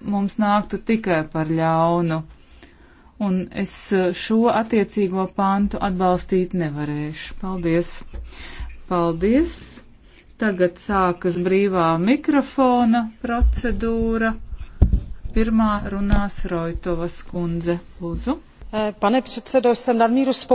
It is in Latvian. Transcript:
mums nāktu tikai par ļaunu. Un es eh, šo attiecīgo pāntu atbalstīt nevarēšu. Paldies! Paldies! Tagad sākas brīvā mikrofona procedūra. Pirmā runās Roitovas kundze. Lūdzu. Eh, pane předsedo, jsem nadmíru spokojená.